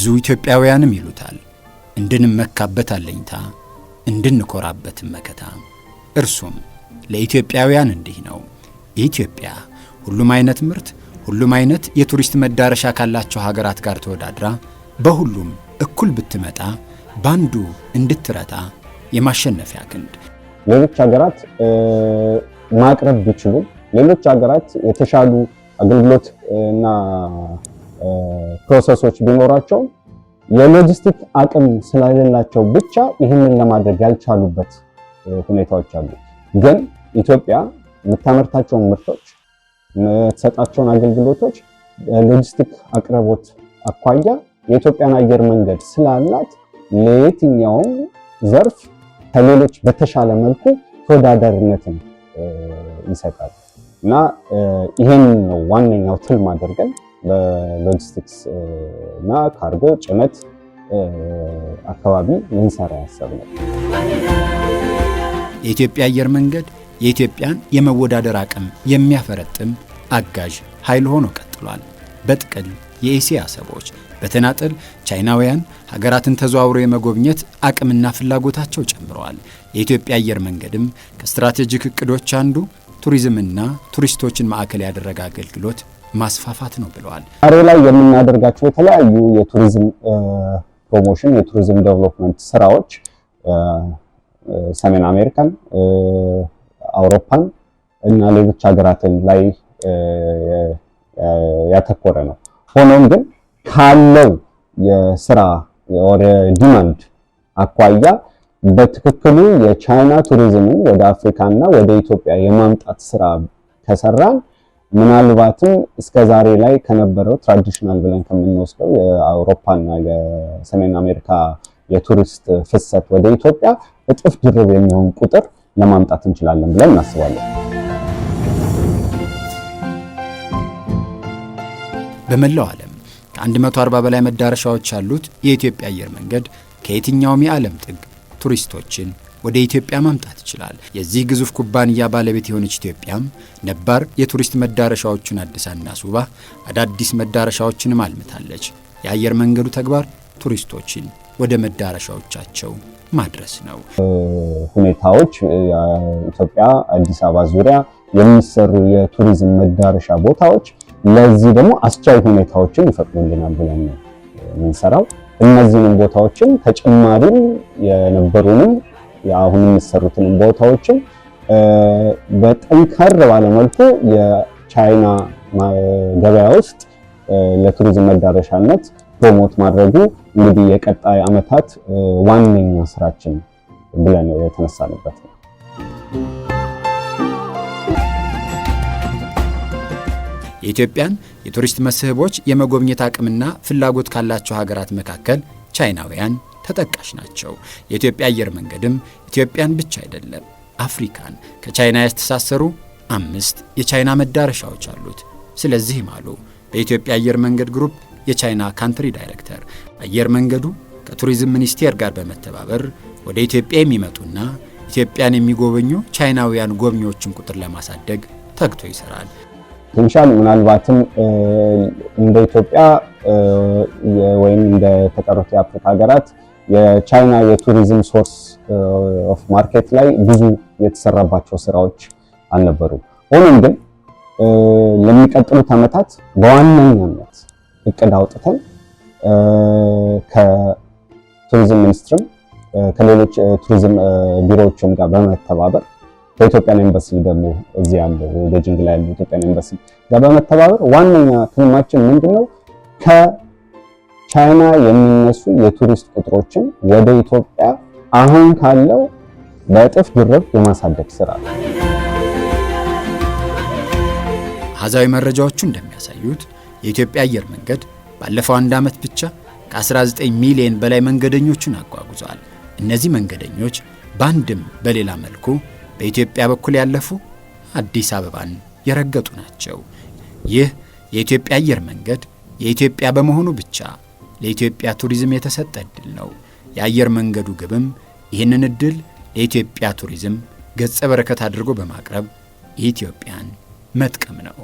ብዙ ኢትዮጵያውያንም ይሉታል። እንድንመካበት አለኝታ፣ እንድንኮራበትም መከታ። እርሱም ለኢትዮጵያውያን እንዲህ ነው። ኢትዮጵያ ሁሉም አይነት ምርት፣ ሁሉም አይነት የቱሪስት መዳረሻ ካላቸው ሀገራት ጋር ተወዳድራ በሁሉም እኩል ብትመጣ ባንዱ እንድትረታ የማሸነፊያ ክንድ ሌሎች ሀገራት ማቅረብ ቢችሉ ሌሎች ሀገራት የተሻሉ አገልግሎት እና ፕሮሰሶች ቢኖራቸው የሎጂስቲክ አቅም ስለሌላቸው ብቻ ይህንን ለማድረግ ያልቻሉበት ሁኔታዎች አሉ። ግን ኢትዮጵያ የምታመርታቸውን ምርቶች የምትሰጣቸውን አገልግሎቶች ሎጂስቲክ አቅርቦት አኳያ የኢትዮጵያን አየር መንገድ ስላላት ለየትኛውም ዘርፍ ከሌሎች በተሻለ መልኩ ተወዳዳሪነትን ይሰጣል እና ይህን ነው ዋነኛው ትልም አድርገን በሎጂስቲክስ እና ካርጎ ጭነት አካባቢ ልንሰራ ያሰብነው። የኢትዮጵያ አየር መንገድ የኢትዮጵያን የመወዳደር አቅም የሚያፈረጥም አጋዥ ኃይል ሆኖ ቀጥሏል። በጥቅል የኤሲያ ሰዎች በተናጠል ቻይናውያን ሀገራትን ተዘዋውሮ የመጎብኘት አቅምና ፍላጎታቸው ጨምረዋል። የኢትዮጵያ አየር መንገድም ከስትራቴጂክ እቅዶች አንዱ ቱሪዝምና ቱሪስቶችን ማዕከል ያደረገ አገልግሎት ማስፋፋት ነው ብለዋል። አሬ ላይ የምናደርጋቸው የተለያዩ የቱሪዝም ፕሮሞሽን፣ የቱሪዝም ዴቨሎፕመንት ስራዎች ሰሜን አሜሪካን፣ አውሮፓን እና ሌሎች ሀገራትን ላይ ያተኮረ ነው። ሆኖም ግን ካለው የስራ ወደ ዲማንድ አኳያ በትክክሉ የቻይና ቱሪዝምን ወደ አፍሪካ እና ወደ ኢትዮጵያ የማምጣት ስራ ከሰራን ምናልባትም እስከ ዛሬ ላይ ከነበረው ትራዲሽናል ብለን ከምንወስደው የአውሮፓና የሰሜን አሜሪካ የቱሪስት ፍሰት ወደ ኢትዮጵያ እጥፍ ድርብ የሚሆን ቁጥር ለማምጣት እንችላለን ብለን እናስባለን። በመላው ዓለም ከ140 በላይ መዳረሻዎች ያሉት የኢትዮጵያ አየር መንገድ ከየትኛውም የዓለም ጥግ ቱሪስቶችን ወደ ኢትዮጵያ ማምጣት ይችላል። የዚህ ግዙፍ ኩባንያ ባለቤት የሆነች ኢትዮጵያም ነባር የቱሪስት መዳረሻዎቹን አድሳና ሱባ አዳዲስ መዳረሻዎችንም አልምታለች። የአየር መንገዱ ተግባር ቱሪስቶችን ወደ መዳረሻዎቻቸው ማድረስ ነው። ሁኔታዎች ኢትዮጵያ አዲስ አበባ ዙሪያ የሚሰሩ የቱሪዝም መዳረሻ ቦታዎች ለዚህ ደግሞ አስቻይ ሁኔታዎችን ይፈቅዱልናል ብለን ነው የምንሰራው። እነዚህንም ቦታዎችን ተጨማሪም የነበሩንም አሁን የሚሰሩትንም ቦታዎችን በጠንከር ባለመልኩ የቻይና ገበያ ውስጥ ለቱሪዝም መዳረሻነት ፕሮሞት ማድረጉ እንግዲህ የቀጣይ ዓመታት ዋነኛ ስራችን ብለን የተነሳንበት ነው። የኢትዮጵያን የቱሪስት መስህቦች የመጎብኘት አቅምና ፍላጎት ካላቸው ሀገራት መካከል ቻይናውያን ተጠቃሽ ናቸው። የኢትዮጵያ አየር መንገድም ኢትዮጵያን ብቻ አይደለም አፍሪካን ከቻይና ያስተሳሰሩ አምስት የቻይና መዳረሻዎች አሉት። ስለዚህም አሉ በኢትዮጵያ አየር መንገድ ግሩፕ የቻይና ካንትሪ ዳይሬክተር አየር መንገዱ ከቱሪዝም ሚኒስቴር ጋር በመተባበር ወደ ኢትዮጵያ የሚመጡና ኢትዮጵያን የሚጎበኙ ቻይናውያን ጎብኚዎችን ቁጥር ለማሳደግ ተግቶ ይሰራል። ኢንሻል ምናልባትም እንደ ኢትዮጵያ ወይም እንደ ተቀሩት የአፍሪካ ሀገራት የቻይና የቱሪዝም ሶርስ ኦፍ ማርኬት ላይ ብዙ የተሰራባቸው ስራዎች አልነበሩም። ሆኖም ግን ለሚቀጥሉት ዓመታት በዋነኛነት እቅድ አውጥተን ከቱሪዝም ሚኒስትርም ከሌሎች ቱሪዝም ቢሮዎችም ጋር በመተባበር በኢትዮጵያን ኤምባሲ ደግሞ እዚህ ያለው ቤጂንግ ላይ ያለው ኢትዮጵያን ኤምባሲ ጋር በመተባበር ዋነኛ ትልማችን ምንድነው ከ ቻይና የሚነሱ የቱሪስት ቁጥሮችን ወደ ኢትዮጵያ አሁን ካለው በእጥፍ ድርብ የማሳደግ ስራ ነው። አሃዛዊ መረጃዎቹ እንደሚያሳዩት የኢትዮጵያ አየር መንገድ ባለፈው አንድ ዓመት ብቻ ከ19 ሚሊዮን በላይ መንገደኞቹን አጓጉዟል። እነዚህ መንገደኞች በአንድም በሌላ መልኩ በኢትዮጵያ በኩል ያለፉ አዲስ አበባን የረገጡ ናቸው። ይህ የኢትዮጵያ አየር መንገድ የኢትዮጵያ በመሆኑ ብቻ ለኢትዮጵያ ቱሪዝም የተሰጠ ዕድል ነው። የአየር መንገዱ ግብም ይህንን ዕድል ለኢትዮጵያ ቱሪዝም ገጸ በረከት አድርጎ በማቅረብ የኢትዮጵያን መጥቀም ነው።